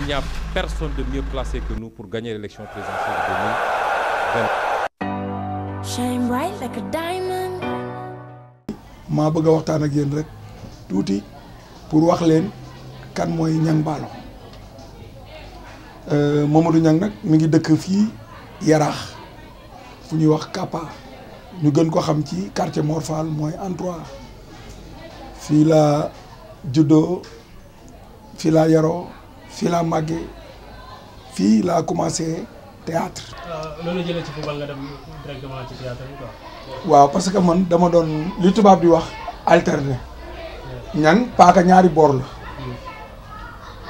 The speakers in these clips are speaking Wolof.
Il n'y a personne de mieux placé que nous pour gagner l'élection présidentielle de 2020. Shine bright like a diamond. maa bëgg a waxtaan ak yéen rek tuuti pour wax leen kan mooy Niang Ballo euh, Mamadou Niang nag mi ngi dëkk fii Yaraax fu ñuy wax Kapa ñu gën ko xam ci quartier Mor Fall mooy Antoine fii laa juddoo fii laa yaroo fii laa màggee fii laa commencé théâtre euh, loolu jëlee ci football nga dem directement ci théâtre waaw parce que man dama doon li tubaab bi wax alterner ñang paaka ñaari boor la hmm.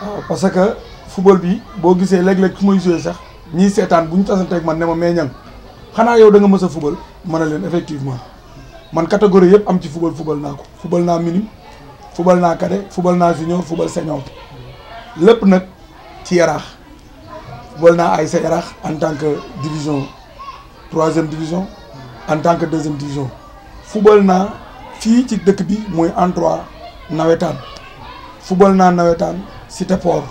waaw parce que football bi boo gisee léeg-léeg su may joué sax ñii seetaan bu ñu tasanteeg man ne ma meññan xanaa yow da nga mës a fubal mën a leen effectivement man catégorie yëpp am ci fubal fubal naa ko fubal naa minime fubal naa cadet fubal naa junior fubal senior lépp nag ci yaraax fubal naa ay sa yaraax en tant que division troisième division en tant que deuxième division fubal naa fii ci dëkk bi mooy en trois nawetaan fubal naa nawetaan cité port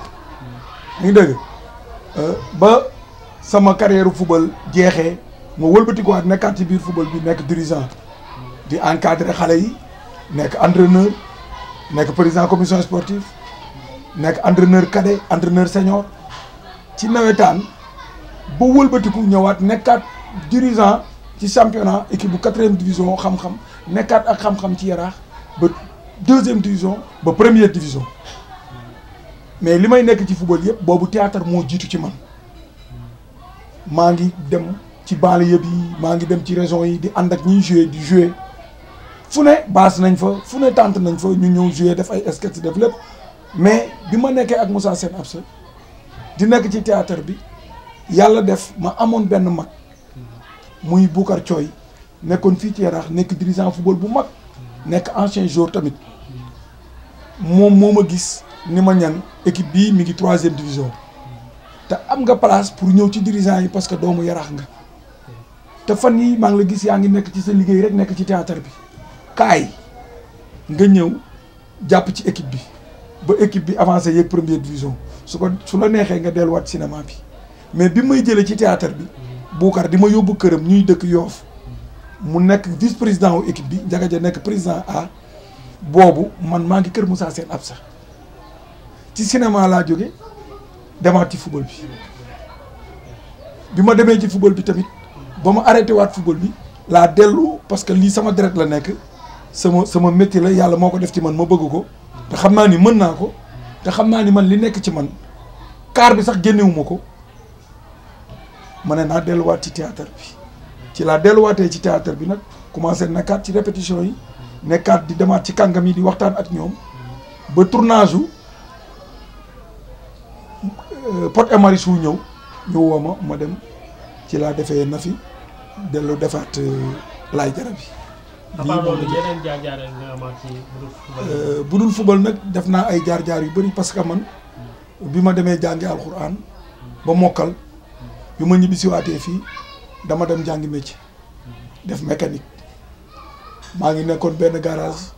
ngi dégg euh, ba sama carrière fubal jeexee ma wëlbatikuwaat nekkaat ci biir football bi nekk dirigeant di encadrer xale yi nekk entraîneur nekk président commission sportive nekk entraîneur cadet entraîneur senior ci nawetaan ba wëlbatiku ñëwaat nekkaat dirigeant ci championnat équipe bu quatrième division xam-xam nekkaat ak xam-xam ci yaraax ba deuxième division ba première division mais li may nekk ci football yëpp boobu théâtre moo jiitu ci man maa ngi dem ci banlieue bi maa ngi dem ci région yi di ànd ak ñiy jouer di jouer fu ne baas nañ fa fu ne tànt nañ fa ñu ñëw jouer def ay sketch def lépp mais bi ma nekkee ak Moussa Sène Absa di nekk ci théâtre bi yàlla def ma amoon benn mag muy Boucar Thioy nekkoon fii ci Yarax nekk dirigeant football bu mag nekk ancien joueur tamit moom moo ma gis ni ma ñan équipe bii mi ngi troisième division te am nga place pour ñëw ci dirigeant yi parce que doomu yarax nga te fan yi maa ngi la gis yaa ngi nekk ci sa liggéey rek nekk ci théâtre bi kaay nga ñëw jàpp ci équipe bi ba équipe bi avancé yeeg première division su ko su la neexee nga delluwaat cinéma bi mais bi may jëlee ci théâtre bi Boucar di ma yóbbu këram ñuy dëkk yoof mu nekk vice président wu équipe bi Ndiaga ja nekk président a boobu man maa ngi kër Moussa Sène ab sax ci cinéma laa jóge demaat ci football bi bi ma demee ci football bi tamit ba ma arrêté waat fu football bi laa dellu parce que lii sama deret la nekk sama sama métier la yàlla moo ko def ci man ma bëgg ko te xam naa ni mën naa ko te xam naa ni man li nekk ci man kaar bi sax génnewuma ko ma ne naa delluwaat ci théâtre bi ci laa delluwaatee ci théâtre bi nag commencé nekkaat ci répétition yi nekkaat di demaat ci kàngam yi di waxtaan ak ñoom ba tournage u euh, Pod et ñëw ñu woo ma ma dem ci laa defee na dellu defaat euh, laay jarab yi. lii bu dul fubal nag def naa ay jaar-jaar yu bëri parce que man bi ma demee jàngi alxuraan ba mokkal yu ma ñibbisiwaatee fii dama dem jàngi métier def mécanique maa ngi nekkoon benn garage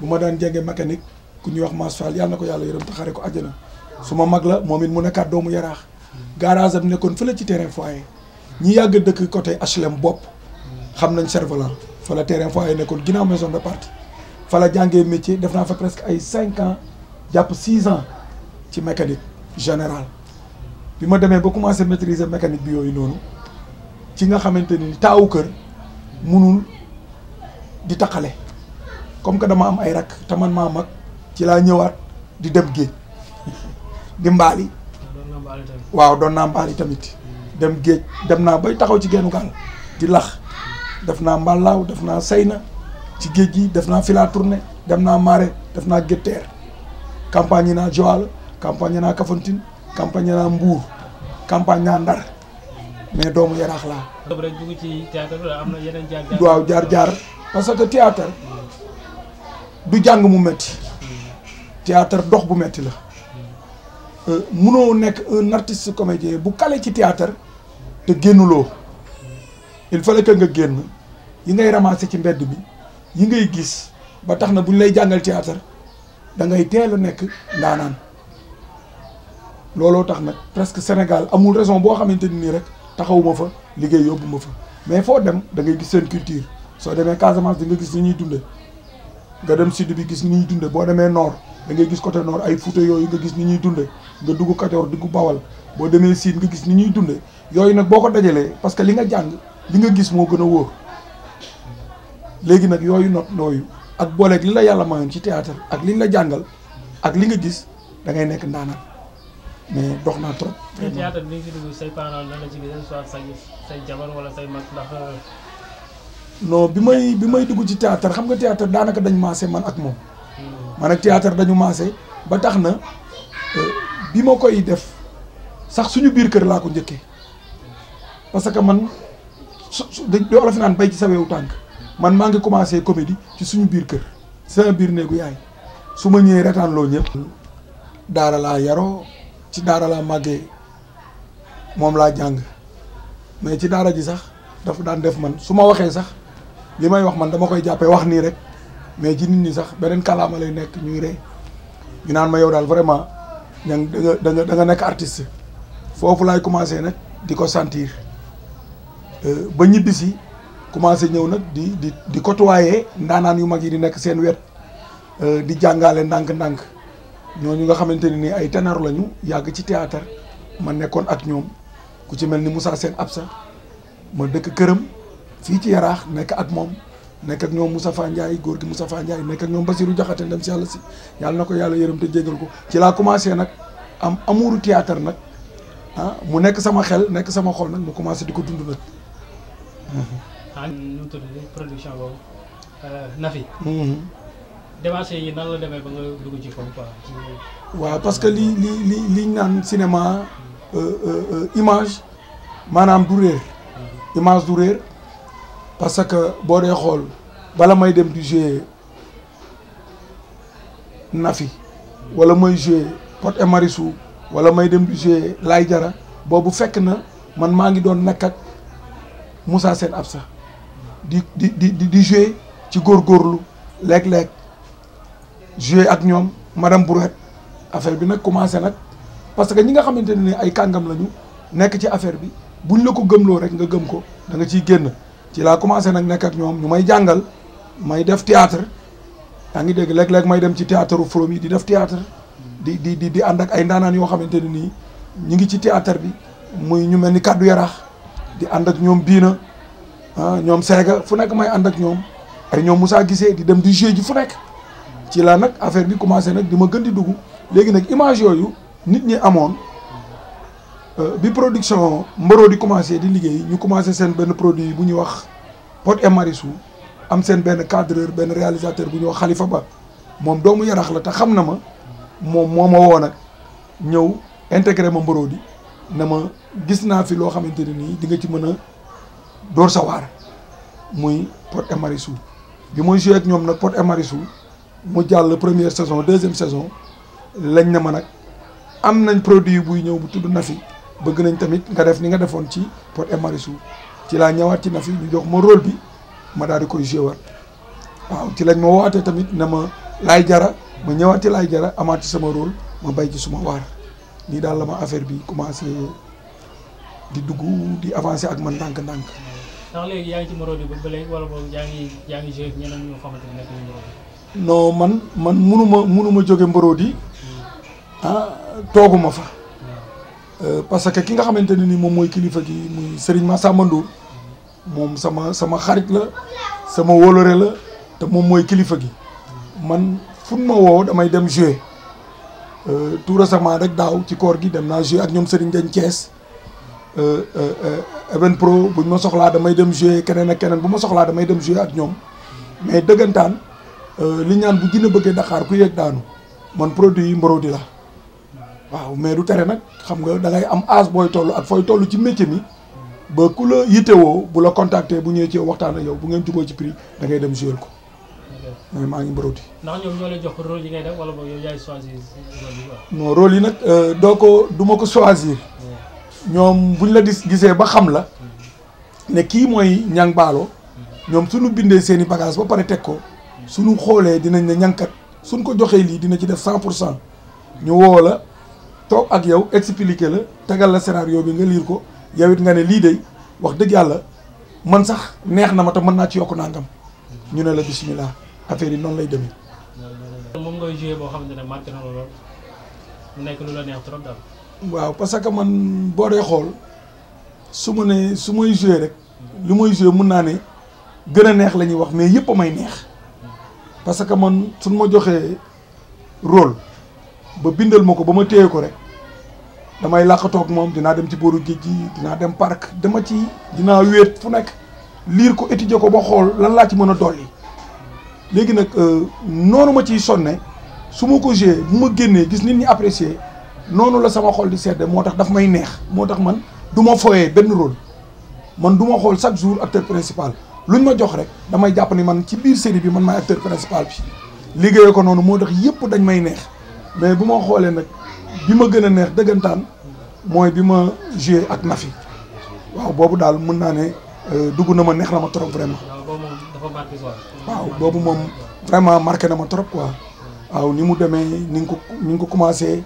bu ma daan jàngee mécanique ku ñu wax Mass Fall yàlla na ko yàlla yërëm taxaare ko àjjana su ma mag la moom it mu nekkaat doomu yaraax garage am nekkoon fële ci terrain foyer ñi yàgg dëkk côté HLM bopp xam nañ fa la terrain ay maison de parti fa la jàngee métier def fa presque ay ans 6 6 ans ci mécanique générale bi ma demee ba commencé maîtriser mécanique bi yooyu noonu ci nga xamante ni taawu kër di comme que dama am ay te man maa ci ñëwaat di dem tamit dem géej dem naa bay taxaw ci gennu gaal di lax def naa mbàllaaw def naa sayna ci géej gi def naa filaa tournée dem naa Maare def naa Gétteer campagne yi naa Joal campagne yi naa Kafountine campagne yi naa Mbour campagne naa Ndar mais doomu yaraax laa. rek ci théâtre am na yeneen jaar-jaar. waaw jaar-jaar parce que théâtre du jàng mu metti théâtre dox bu metti la. Euh, munoo nekk un artiste comédien bu kale ci théâtre te génnuloo il fallait que nga génn yi ngay ramasser ci mbedd bi yi ngay gis ba tax na bu ñu lay jàngal théâtre da ngay teel a nekk ndaanaan looloo tax nag presque Sénégal amul raison boo xamante ni nii rek taxawuma fa liggéey yóbbu ma fa mais foo dem da ngay gis seen culture soo demee Casamance bi nga gis ni ñuy dunde nga dem sud bi gis ni ñuy dunde boo demee noor da ngay gis côté nord ay Fouta yooyu nga gis ni ñuy dunde nga dugg Kajoor duggu Bawal bo demé sin nga gis ni ñuy dund yoy nak boko dajalé parce que li nga jang li nga gis mo gëna wo légui nak yoy not noyu ak ak li la yalla mayon ci théâtre ak li la jangal ak li nga gis da ngay nek ndaanaan mais doxna trop. vraiment théâtre ni ci dugg say parents nan la ci gëna soit say say jabar wala say mak ndax. Euh, non bi may bi may dugg ci théâtre xam nga théâtre daanaka dañ maase man ak mom hmm. man ak théâtre dañu maase ba taxna na euh, bi ma koy def sax suñu biir kër la ko njëkkee parce que man do la fi naan bay ci sa wewu man ma ngi commencé comédie ci suñu biir kër sama biir néegu yaay suma ñëw rétan lo ñëpp. daara la yaro ci daara la màggee mom la jang mais ci daara ji sax dafa daan def man suma ma sax limay wax man dama koy jappé wax ni rek mais ji nit ñi sax beneen kàllaama lay nekk ñuy ré ñu naan ma yow daal vraiment da nga da nga nek artiste. foofu laay commencé nag di ko sentir euh, ba ñibbi si commencé ñëw nag di di di côtoyer ndaanaan yu mag yi di nekk seen wet euh, di jàngale ndànk-ndànk ñooñu nga xamante ne ni ay ténor lañu yàgg ci théâtre ma nekkoon ak ñoom ku ci mel ni seen ab sax ma dëkk këram fii ci yaraax nekk ak moom nekk ak ñoom Moussa Fa Ndiaye góor gi Moussa Fa Ndiaye nekk ak ñoom Basirou Diakhaté ndem si yàlla si yàlla na ko yàlla yërëm te jégal ko ci laa commencé nag am amuuru théâtre nag. Ah, mu nekk sama xel sama xol mu commencé production euh, mhm. yi nan la ba nga ci quoi. parce que li li li cinéma euh, euh, image maanaam du mhm. image parce que boo dee xool bala may dem di jouer Nafi wala may jouer et wala may dem di jouer laay jara boobu fekk na man maa ngi doon nekk ak seen ab Absa di di di di jouer ci góor góorgóorlu léeg-léeg jouer ak ñoom madame Brouette affaire bi nag commencé nag parce que ñi nga xamante ne ay kàngam lañu nekk ci affaire bi buñ la ko loo rek nga gëm ko danga ciy génn ci laa commencé nag nekk ak ñoom ñu may jàngal may def théâtre yaa ngi dégg léeg-léeg may dem ci théâtre u yi di def théâtre di di di di andak ay ndanan yo xamanteni ni ñi ngi ci théâtre bi muy ñu melni kaddu yarax di andak ñom bina biina ah ñom seega fu nek may andak ñom ay ñom Moussa di dem di jeu ji fu nek ci la nak affaire bi commencé nak di ma gën di dugg légui nak image yoyu nit ñi euh bi production Mboro di commencé di liggéey ñu commencé sen ben produit bu ñu wax Pod et Marichou am sen ben cadreur ben réalisateur bu ñu wax Khalifa Ba mom doomu yarax la ta xamna ma moom moo ma woo nag ñëw integre ma mboroo di na ma gis naa fi loo xamante ne nii di nga ci mën a door sa muy Pod et Marichou bi muy joué ñoom nag Pod et Marichou mu jàll première saison deuxième saison lañ na ma nag am nañ produit buy ñëw bu tudd Nafi bëgg nañ tamit nga def ni nga defoon ci Pod et Marichou ci laa ñëwaat ci Nafi ñu jox ma rôle bi ma daal koy joué waat waaw ci lañ ma woowaatee tamit na ma laay jara ma ñëwaati laay jara amaati sama rôle ma bay ci suma waar nii daal la ma affaire bi commencé di dugg di avancé ak man ndànk-ndànk. ndax léegi yaa ngi ci moro ba ba léegi wala boog yaa ngi yaa ngi joué ñeneen ñoo xamante ne nekk nañu non man man munuma munuma jóge Marodi ah tooguma fa. Euh, parce que ki nga xamante ne ni moom mooy kilifa gi muy Serigne Massamba Ndour moom sama sama xarit la sama wolore la te moom mooy kilifa gi man fun ma wo damay dem jouer tout récemment rek daw ci koor gi dem na jouer ak ñom Serigne Diagne Thiès euh, euh, euh, Even Pro buñ ma soxla damay dem jouer keneen ak keneen bu ma soxlaa damay dem jouer ak ñom mais euh li ñaan bu dina bëgge Dakar ku yegg daanu man produit mborodi la waaw mais du téré nak xam nga da ngay am as boy tollu ak foy tollu ci métier mi ba ku la wo bu la contacter bu ñëw ci waxtaan ak yow bu ngeen juboo ci prix da ngay dem jouer ko mooy maa ngi mbaroti. ndax ñoom ñoo lay jox rôle yi ngay def wala yow yaay choisir non rôle yi nag euh, doo ko du ma ko choisir. ñoom buñ la dis gisee ba xam la. Mm-hmm. ne kii mooy ñang baalo. Mm-hmm. ñoom suñu bindee seen i bagage ba pare teg ko. Mm-hmm. suñu xoolee dinañ ne ñankat suñ ko joxee lii dina ci def cent pour cent. ñu woo la toog ak yow expliquer la tegal la scénario bi nga liir ko yow it nga ne lii de wax dëgg yàlla man sax neex na ma te mën naa ci yokk nangam ñu ne la bismillah. affaire yi noonu lay demee. moom ngay joué boo xam ne nag na lool nekk lu la neex daal. waaw parce que man boo dee xool su ma nee su may joué rek lu may joué mun naa ne gën a neex la ñuy wax mais yëpp may neex parce que man suñ ma joxee rôle ba bindal ma ko ba ma téye ko rek damay làqatoo toog moom dinaa dem ci booru géej gi dinaa dem parc dama ci dinaa wéet fu nekk liir ko étudier ko ba xool lan laa ci mën a dolli. léegi nag euh, noonu ma ciy sonne su ma ko joué bu ma génnee gis nit ñi apprécier noonu la sama xol di sedd moo tax dafa may neex moo tax man du ma foyee benn rôle man du ma xool chaque jour acteur principal luñ ma jox rek damay jàpp ni man ci biir série bi man maay acteur principal bi liggéeyee ko noonu moo tax yëpp dañ may neex mais bu ma xoolee nag bi ma gën a neex dëggantaan mooy bi ma joué ak Nafi waaw boobu daal mën naa ne euh, dugg na ma neex na ma trop waaw boobu moom vraiment marqué na ma trop quoi waaw ni mu demee ni nga ko ni nga ko commencé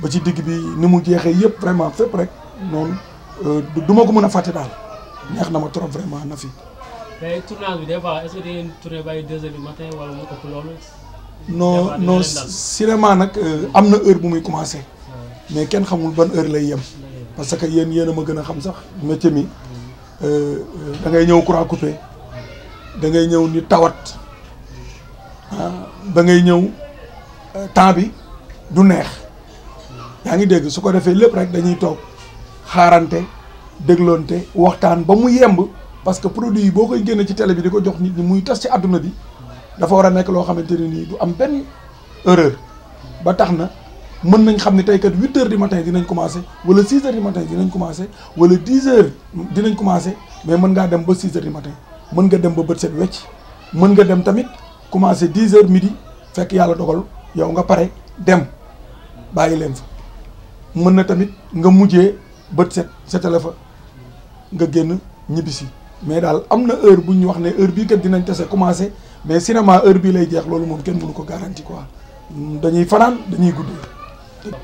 ba ci digg bi ni mu jeexee yëpp vraiment fépp rek noonu euh, du ko mën a fàtte daal neex na ma trop vraiment na fi. mais tournage bi des fois est wala mu ëpp loolu. non non cinéma nag euh, am na heure bu muy commencé. mais kenn xamul ban heure lay yem. parce que yéen yéen a ma gën a xam sax métier mi euh, da ngay ñëw courant coupé. da ngay ñëw ni tawat ba ah, ngay ñëw euh, temps bi du neex yaa ngi dégg su ko defee lépp rek dañuy toog xaarante dégloonte waxtaan ba mu yemb parce que produit yi boo koy génne ci télé bi di ko jox nit muy tas ci àdduna bi dafa war a nekk loo xamante ne nii du am benn erreur ba tax na mën nañ xam ni tey kat huit heures du matin dinañ commencé wala six heures du matin dinañ wala dix heures dinañ commencé mais mën dem ba six heures matin mën nga dem ba bët set wecc mën nga dem tamit commencé dix heures midi fekk yàlla dogal yow nga pare dem bàyyi leen fa mën na tamit nga mujjee bët set sa fa nga génn ñibbisi mais daal am na heure bu ñu wax ne heure bii kat dinañ tase commencé mais cinéma heure bii lay jeex loolu moom kenn mënu ko garanti ko dañuy fanaan dañuy guddee.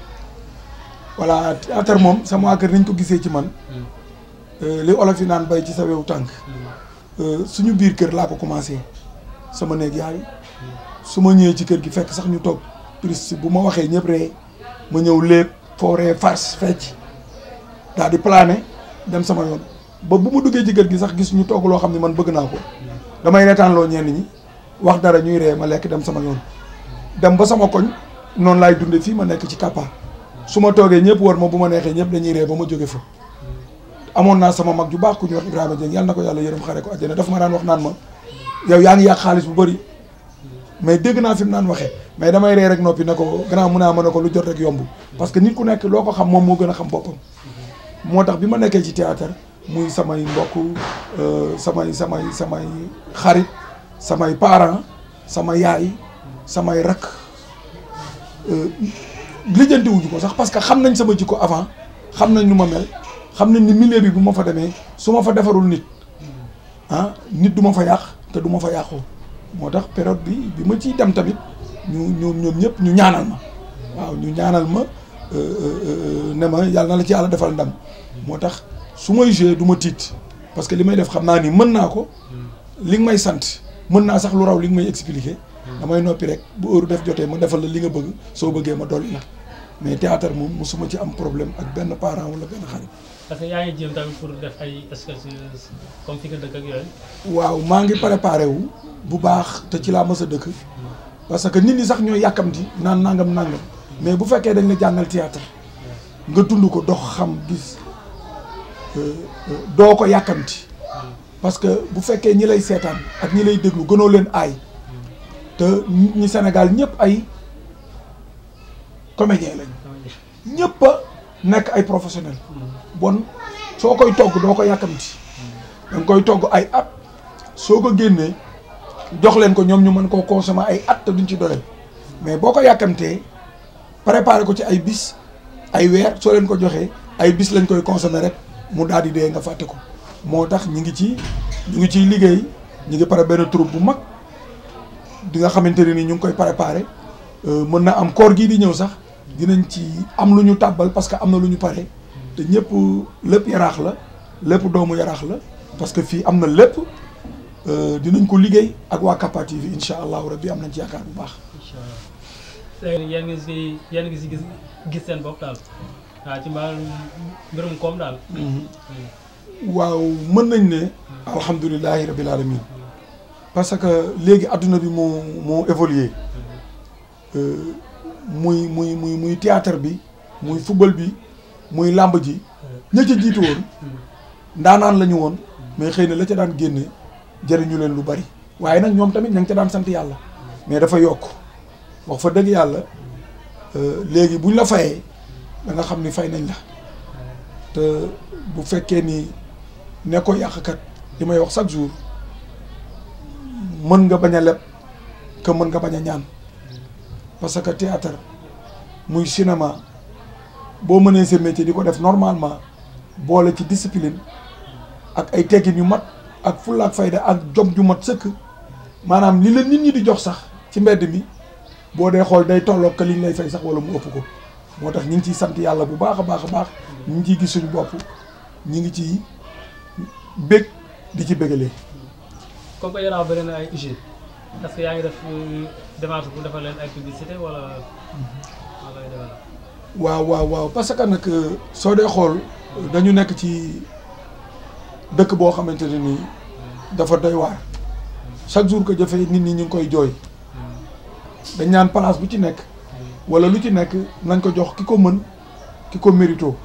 voilà théâtre moom sama waa kër niñ ko gisee ci man. Hmm. Euh, li olof yi naan bay ci sa wewu tànk. Hmm. Euh, suñu biir kër laa ko commencé sama néeg yaay su ma ñëwee ci kër gi fekk sax ñu toog plus bu ma waxee ñëpp ree ma ñëw lépp fooree farce fecc daal di plané dem sama yoon ba bu ma duggee ci kër gi sax gis ñu togg loo xam ne man bëgg naa ko damay reetaanloo ñenn ñi wax dara ñuy ree ma lekk dem sama yoon dem ba sama koñ noonu laay dunde fii ma nekk ci Kappa su ma toogee ñëpp war ma bu ma neexee ñëpp dañuy ree ba ma jógee fa amoon naa sama mag ju baax ku ñu wax Ibrahima Dieng yàlla na ko yàlla yërëm xare ko àjjana daf ma daan wax naan ma yow yaa ngi yàq xaalis bu bari mais dégg naa fi mu naan waxee mais damay ree rek noppi ne ko gannaaw mun a mën a ko lu jot rek yomb parce que nit ku nekk loo ko xam moom moo gën a xam boppam moo tax bi ma nekkee ci théâtre muy samay mbokk euh, samay samay samay xarit samay parents sama yaay samay rakk euh, lijjanti wuñu ko sax parce que xam nañ sama jikko avant xam nañ nu ma mel xam nañ ni milieu bi bu ma fa demee su ma fa defarul nit ah nit du ma fa yàq te du ma fa yàqu moo tax période bi bi ma ciy dem tamit ñu ñoom ñoom ñëpp ñu ñaanal ma waaw ñu ñaanal ma euh, euh, euh, ne ma yàlla na la ci yàlla defal ndam moo tax su may joué du ma tiit parce que li may def xam naa ni mën naa ko li nga may sant mën naa sax lu raw li nga may expliquer damay noppi rek bu heure def jotee ma defal la li nga bëgg soo bëggee ma dolli la mais théâtre moom ma ci am problème ak benn parent wala benn parce yaa ngi jéem tamit pour def ay excursions comme fi nga dëkk ak yooyu. waaw maa ngi préparé wu bu baax te ci laa mës a dëkk. parce que nit ñi sax ñooy yàkkamti naan nàngam nangam. mais bu fekkee dañ la jàngal théâtre nga dund ko dox xam gis euh, euh, doo ko yàkkamti. parce que bu fekkee ñi lay seetaan ak ñi lay déglu gënoo leen aay. te ñi Sénégal ñëpp ay comédien lañ ñëpp a nekk ay bon soo koy togg doo ko yàkkamti da koy togg ay at soo ko génnee jox leen ko ñoom ñu mën koo consommer ay at te duñ ci doyal mais boo ko yàkkamtee préparer ko ci ay bis ay weer soo leen ko joxee ay bis lañ koy consommer rek mu daal dee nga fàtte ko moo tax ñu ngi ci ñu ngi ciy liggéey ñu ngi pare benn troupe bu mag di nga xamante ne ni ñu ngi koy préparer euh, mën na am koor gii di ñëw sax dinañ ci am lu ñu tàbbal parce que am na lu ñu pare te ñëpp lépp yarax la lépp doomu yarax la parce que fii am na lépp euh, dinañ ko liggéey ak waa Capa TV incha allahu rabbi ci bu baax. si si gis gis seen bopp daal ci mbirum koom daal. Mm-hmm. waaw mën nañ ne. parce que léegi bi évolué mm-hmm. euh, muy muy muy théâtre bi football muy làmb ji ña ca jiitu woon ndaanaan la woon mais xëy na la ca daan génne jëriñu leen lu bari waaye nag ñoom tamit ña ngi ca daan sant yàlla mais dafa yokk wax fa dëgg yàlla euh, léegi buñ la fayee da nga xam ni fay nañ la te bu fekkee ni ne ko yàqkat li may wax chaque jour mën nga bañ a leb que mën nga bañ a ñaan parce que théâtre muy cinéma boo mënee sa métier di ko def normalement boole ci discipline ak ay teggin yu mat ak fulla ak fayda ak jom ju mat sëkk maanaam li la nit ñi di jox sax ci mbedd mi boo dee xool day tolloog que liñ lay fay sax wala mu ëpp ko moo tax ñu ngi ciy sant yàlla bu baax a baax a baax ñu ngi ciy gis suñu bopp ñu ngi ci bég di ci bégalee. comme bëri na ay usines yaa ngi def euh, démarche bu defal leen ay publicité wala. Mm-hmm. waaw waaw waaw parce que nag euh, soo dee xool dañu nekk ci dëkk boo xamante ne nii dafa doy waar chaque jour que jafe nit ñi ñu ngi koy jooy dañ naan place bu ci nekk wala lu ci nekk nañ ko jox ki ko mën ki ko mérito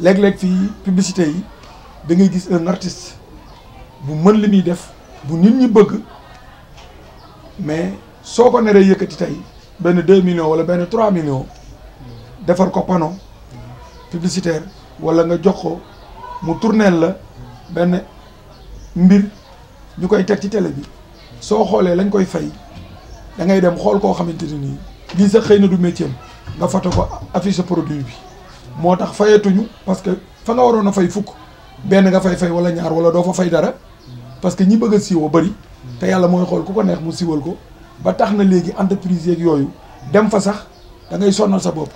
léeg-léeg fii publicité yi da gis un artiste bu mën li muy def bu nit ñi bëgg mais soo ko neree yëkkati tey benn deux millions wala benn trois millions defar ko panneau publicitaire wala nga jox ko mu tourneel la benn mbir ñu koy teg ci télé bi soo xoolee lañ koy fay da ngay dem xool koo xamante ne nii lii sax xëy na du métier nga foto ko affiche produit bi moo tax fayatuñu parce que fa nga waroon a fay fukk benn nga fay fay wala ñaar wala doo fa fay dara parce que ñi bëgg a siiwoo bëri te yàlla mooy xool ku ko neex mu siiwal ko ba tax na léegi entreprise yeeg yooyu dem fa sax da ngay sonnal sa bopp.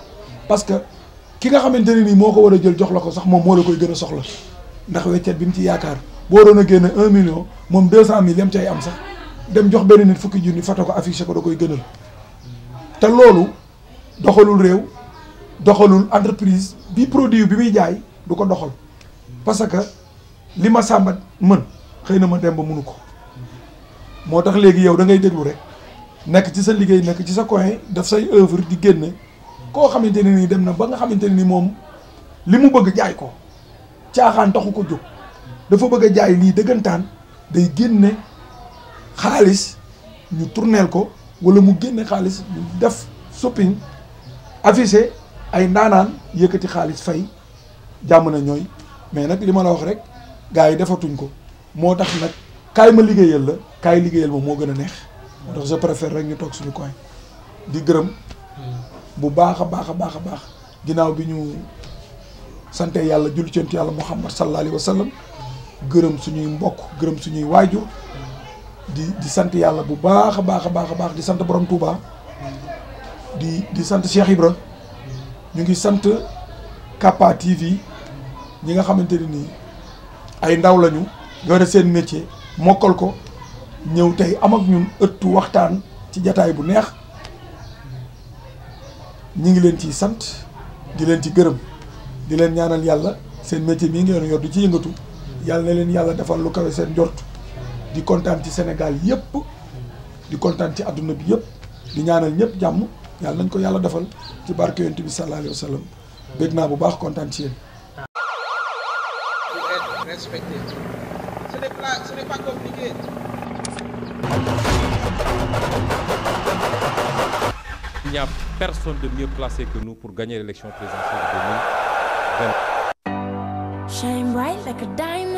parce que ki nga xamante ne nii moo ko war a jël jox la ko sax moom moo la koy gën a soxla ndax weccet bi mu ci yaakaar boo waroon a génne un million moom deux cent mille yam cay am sax dem jox benn nit fukki junni foto ko affiché ko da koy gënal te loolu doxalul réew doxalul entreprise bi produit bi muy jaay du ko doxal parce que li ma sàmba mën xëy na ma dem ba mënu ko moo tax léegi yow da ngay déglu rek nekk ci sa liggéey nekk ci sa coin daf say œuvre di génne koo xamante ne nii dem na ba nga xamante ne ni moom li mu bëgg jaay ko caaxaan taxu ko jóg dafa bëgg a jaay lii dëggantaan day génne xaalis ñu tourneel ko wala mu génne xaalis ñu def shopping affiché ay ndaanaan yëkkati xaalis fay jàmm na ñooy mais nag li ma la wax rek gars yi defatuñ ko moo tax nag kaay ma liggéeyal la kaay liggéeyal ma moo gën a neex moo tax je préfère rek ñu toog suñu koy di gërëm bu baax a baax a baax a baax ginnaaw bi ñu sante yàlla julli cant yàlla muhammad sallallahu alayhi wa sallam gërëm suñuy mbokk gërëm suñuy waajur di di sant yàlla bu baax a baax a baax a baax di sant borom Touba di di sant Cheikh Ibra ñu ngi sant Capa TV ñi nga xamante ne nii ay ndaw lañu yore seen métier mokkal ko ñëw tey am ak ñun ëttu waxtaan ci jataay bu neex ñi ngi leen ci sant di leen ci gërëm di leen ñaanal yàlla seen métier bii ngeen yor di ci yëngatu yàlla na leen yàlla defal lu kawe seen jort di kontaan ci senegal yëpp di kontaan ci àdduna bi yëpp di ñaanal ñëpp jàmm yàlla nañ ko yàlla defal ci barke yonent bi sallallahu alayhi wa naa bu baax kontaan ci yéen. Il n'y a personne de mieux placé que nous pour gagner l'élection présidentielle de 2020.